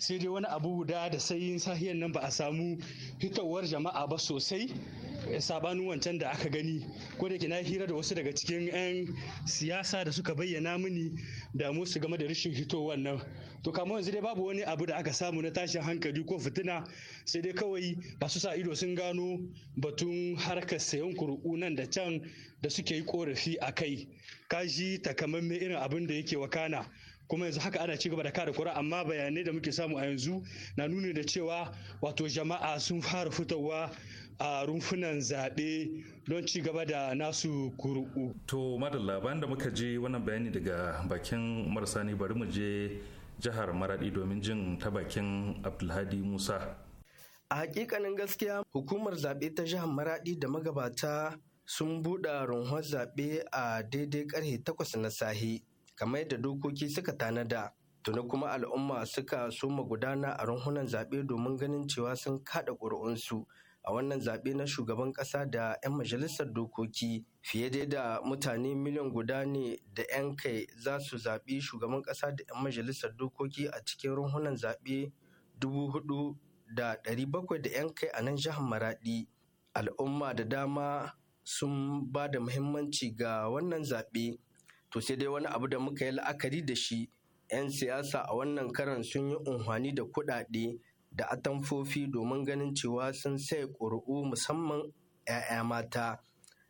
sai dai wani abu guda da sai yin sahiyan nan ba a samu fitowar jama'a ba sosai sabanin wancan da aka gani ko da ke na hira da wasu daga cikin 'yan siyasa da suka bayyana mini da su game da rashin hitowar nan to kama yanzu dai babu wani abu da aka samu na tashin hankali ko fitina sai dai kawai ba su sa ido sun gano batun harkar sayan kuru'u nan da can da suke yi korafi a kai kaji takamamme irin abin da yake wakana kuma yanzu haka ana ci gaba da kada kura amma bayanai da muke samu a yanzu na nuni da cewa wato jama'a sun fara fitowa a rumfunan zaɓe don ci gaba da nasu kuru'u. To madalla bayan da muka je wannan bayani daga bakin marasa ne bari mu je jihar Maradi domin jin ta bakin Abdulhadi Musa. A hakikanin gaskiya hukumar zaɓe ta jihar Maradi da magabata sun buɗe runhon zaɓe a daidai ƙarfe takwas na sahi kamar da dokoki suka tanada. tuni kuma al'umma suka soma gudana a runhunan zaɓe domin ganin cewa sun kaɗa ƙuri'unsu a wannan zaɓe na shugaban ƙasa da 'yan majalisar dokoki fiye da mutane miliyan guda ne da 'yan kai za su zaɓi shugaban ƙasa da 'yan majalisar dokoki a cikin ruhunan zaɓe dubu ɗari bakwai da 'yan kai a nan jihar maraɗi al'umma da dama sun ba da muhimmanci ga wannan zaɓe to sai dai wani abu da muka yi la'akari da shi 'yan siyasa a wannan karan sun yi unhwani da kuɗaɗe da atamfofi domin ganin cewa sun sai ƙuri'u musamman 'ya'ya mata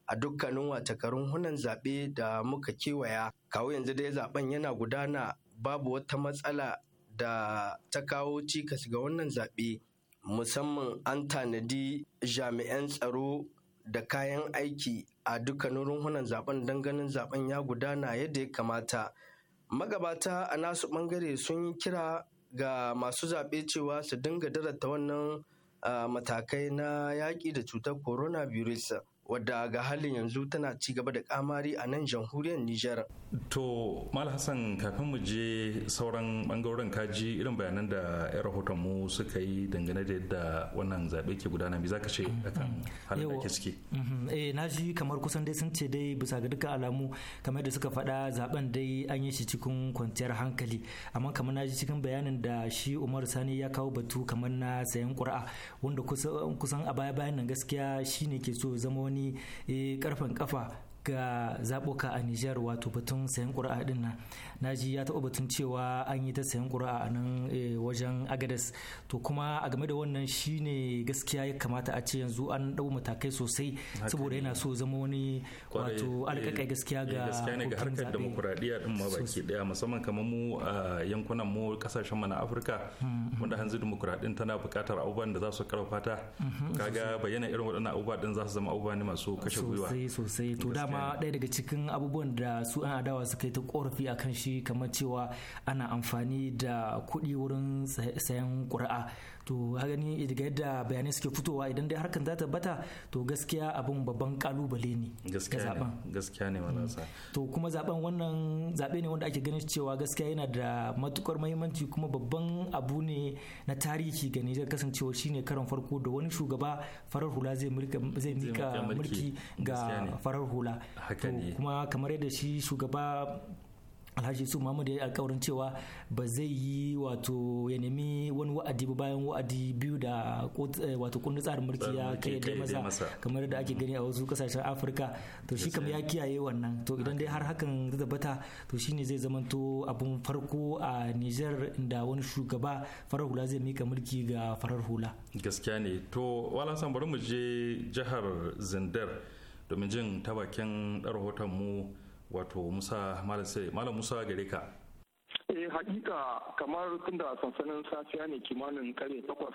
a dukkanin watakarun hunan zaɓe da muka kewaya kawo yanzu dai zaben yana gudana babu wata matsala da ta kawo cikas ga wannan zaɓe musamman an tanadi jami'an tsaro da kayan aiki a dukkanin runhunan zaben don ganin zaben ya gudana yadda ya kamata magabata a nasu bangare sun yi kira ga masu zaɓe cewa su dinga darata wannan ah, matakai na yaƙi da cutar coronavirus. wadda ga halin yanzu tana ci gaba da kamari a nan jamhuriyar Nijar. To, Mal Hassan kafin mu je sauran bangaren kaji irin bayanan da 'yan rahoton mu suka yi dangane da yadda wannan zaɓe ke gudana me zaka ce akan halin da ke ciki. Mhm. Eh, na ji kamar kusan dai sun ce dai bisa ga dukkan alamu kamar da suka faɗa zaben dai an yi shi cikin kwanciyar hankali amma kamar na ji cikin bayanin da shi Umar Sani ya kawo batu kamar na sayan ƙura'a wanda kusan a baya-bayan nan gaskiya shine ke so zama wani wani karfan eh, kafa ga zaɓuka a Nijar wato batun sayan ƙuri'a ɗin nan naji ya taɓa batun cewa an yi ta sayan ƙura'a a nan eh, wajen agadas to kuma a game da wannan shine gaskiya ya kamata a ce yanzu an ɗau matakai sosai saboda yana so zama wani wato alƙaƙai eh, gaskiya eh, ga gaskiya ne ga harkar demokuraɗiyya din ma baki ɗaya musamman kamar mu a yankunan mu ƙasashen mu na afirka hmm, hmm. wanda hanzu demokuraɗin tana buƙatar abubuwan da za su karfafa ta hmm, kaga bayyana irin waɗannan abubuwa ɗin za su zama abubuwa ne masu kashe gwiwa sosai sosai to dama ɗaya daga cikin abubuwan da su an adawa suka yi ta ƙorafi akan shi fahimci kamar cewa ana amfani da kuɗi wurin sayan ƙuri'a to gani daga yadda bayanai suke fitowa idan dai harkan ta bata to gaskiya abin babban kalubale ne gaskiya ne sa mm. to kuma zaben wannan zabe ne wanda ake ganin cewa gaskiya yana da matukar muhimmanci kuma babban abu ne na tarihi ga Nijar kasancewa shine karan farko da wani shugaba farar hula zai mulka zai mika mulki ga farar hula kuma kamar yadda shi shugaba alhaji su mahmud ya yi alkawarin cewa ba zai yi wato ya nemi wani wa'adi ba bayan wa'adi biyu da eh, wato kundin tsarin mulki ya kai masa kamar da ake gani a wasu kasashen afirka to shi kam ya kiyaye wannan to idan dai har hakan ta tabbata to shine zai zamanto abun farko a niger da wani shugaba farar hula zai mika mulki ga farar hula gaskiya ne to wala san bari mu je jihar zindar domin jin ta bakin rahoton mu wato musa malam musa gare ka eh hakika kamar tunda sansanin safiya ne kimanin kare takwas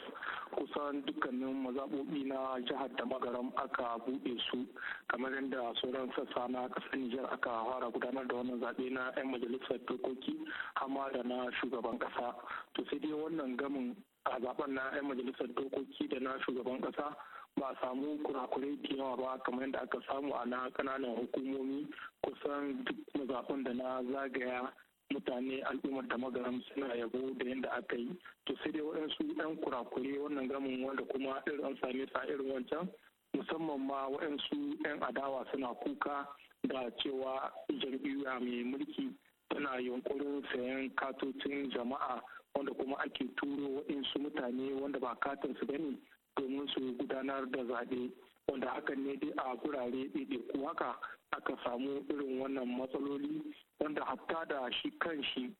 kusan dukkanin mazaɓoɓi na jihar da magaram aka buɗe su kamar yadda sauran sassa na ƙasar nijar aka fara gudanar da wannan zaɓe na 'yan majalisar dokoki hama da na shugaban ƙasa to sai dai wannan gamin a zaɓen na 'yan majalisar dokoki da na shugaban ƙasa ba a samu kurakurai da yawa ba kamar yadda aka samu a na kananan hukumomi kusan duk mazafin da na zagaya mutane al'ummar da magaram suna yabo da yadda aka yi to sai dai waɗansu 'yan kurakure wannan gamin wanda kuma irin an same sa irin wancan musamman ma waɗansu 'yan adawa suna kuka da cewa jam'iyya mai mulki tana yunkurin sayan katocin jama'a wanda kuma ake turo waɗansu mutane wanda ba katinsu su bane domin su gudanar da zaɓe wanda hakan ne dai a gurare ɗaiɗaiku haka aka samu irin wannan matsaloli wanda hatta da shi kan shi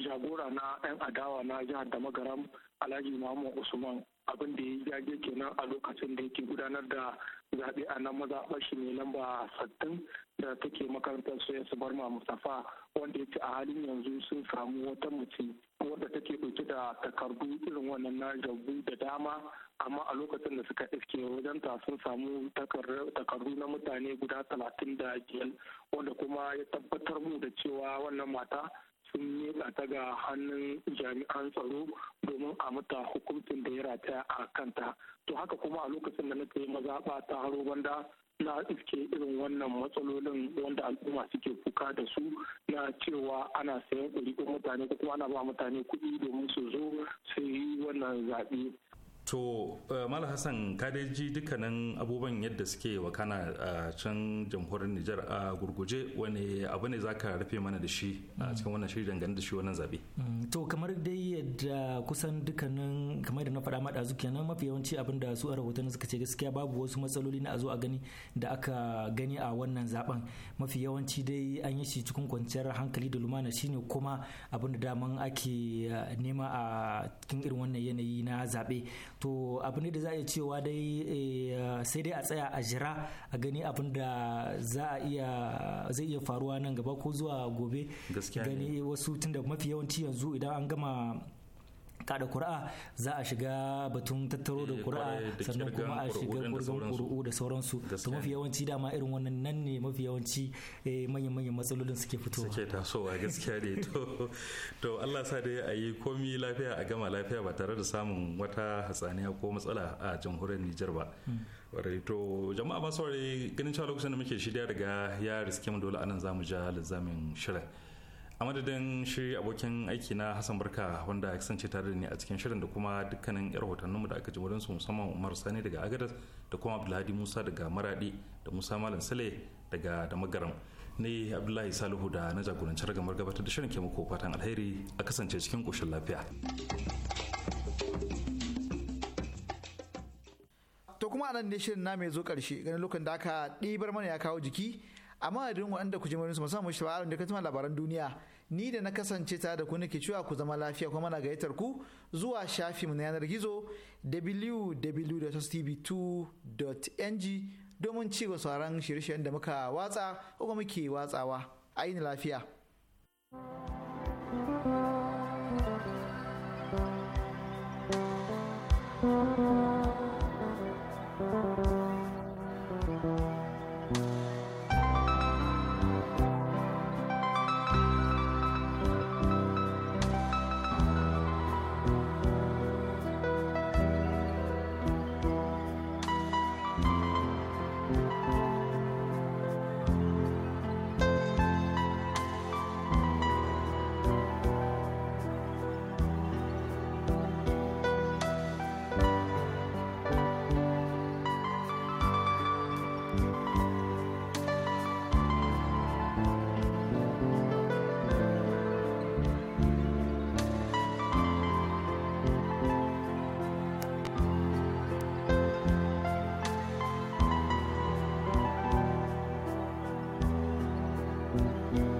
jagora na 'yan adawa na jihar da magaram alhaji muhammad usman abin da ya jage kenan a lokacin da yake gudanar da zaɓe a nan maza shi ne lamba sattin da take makarantar su su barma mustafa wanda ya ce a halin yanzu sun samu wata mace wadda take ɗauke da takardu irin wannan na jabu da dama amma a lokacin da suka iske wajen ta sun samu takardu na mutane guda talatin da biyar wanda kuma ya tabbatar mu da cewa wannan mata sun yi ta ga hannun jami'an tsaro domin a mata hukuncin da ya rataya a kanta to haka kuma a lokacin da na yi mazaɓa ta haro banda na iske irin wannan matsalolin wanda al'umma suke kuka da su na cewa ana sayan ƙuri'un mutane ko kuma ana ba mutane kuɗi domin su zo su yi wannan zaɓe to eh, mala hassan kadeji dukkanin abubuwan yadda suke wakana a can jamhuriyar nijar a gurguje wani abu ne zaka rufe mana da shi a cikin wannan shiri dangane da shi wannan zabe mm, to kamar dai yadda kusan dukkanin kamar da na faɗa maɗa zu kenan mafi yawanci abin da su a rahoton suka ce gaskiya babu wasu matsaloli na a zo a gani da aka gani a wannan zaben mafi yawanci dai an yi shi cikin kwanciyar hankali da lumana shine kuma abin da daman ake eh, nema a cikin irin wannan yanayi na zabe to abu ne da za a iya cewa dai eh, sai dai a tsaya a jira a gani abin da za a iya zai iya faruwa nan gaba ko zuwa gobe gani wasu tunda mafi yawanci yanzu idan an gama kada kura za a shiga batun tattaro da kura eh, sannan kuma a shiga gurgun kuru'u da sauransu to mafi yawanci dama irin wannan nan ne mafi yawanci eh, manyan manyan matsalolin suke fitowa suke tasowa gaskiya ne to to Allah sa dai a yi komi lafiya a gama lafiya ba tare da samun wata hatsaniya ko matsala a jamhuriyar Nijar ba hmm. to jama'a ba saurari ganin cewa lokacin da muke shirya daga ya riske mu dole anan zamu ja lizamin shirin a madadin shi abokin aiki na hassan barka wanda ya kasance tare da ni a cikin shirin da kuma dukkanin yar hotonninmu da aka ji su musamman umar sani daga agadas da kuma abdulhadi musa daga maradi da musa malam sale daga damagaram ne abdullahi salihu da na jagorancin ragamar gabatar da shirin ke muku fatan alheri a kasance cikin koshin lafiya to kuma anan ne shirin na mai zo karshe ganin lokacin da aka ɗibar mana ya kawo jiki amma adadin waɗanda ku ji murinsu musamman shi ba'arin da katima labaran duniya ni da na kasance tare da ku nake cewa ku zama lafiya kuma na gayyatar ku zuwa shafi mu na yanar gizo www.tv2.ng domin ci ga sauran shirye-shiryen da muka watsa ko kuma muke watsawa ainihin lafiya. thank you Thank you.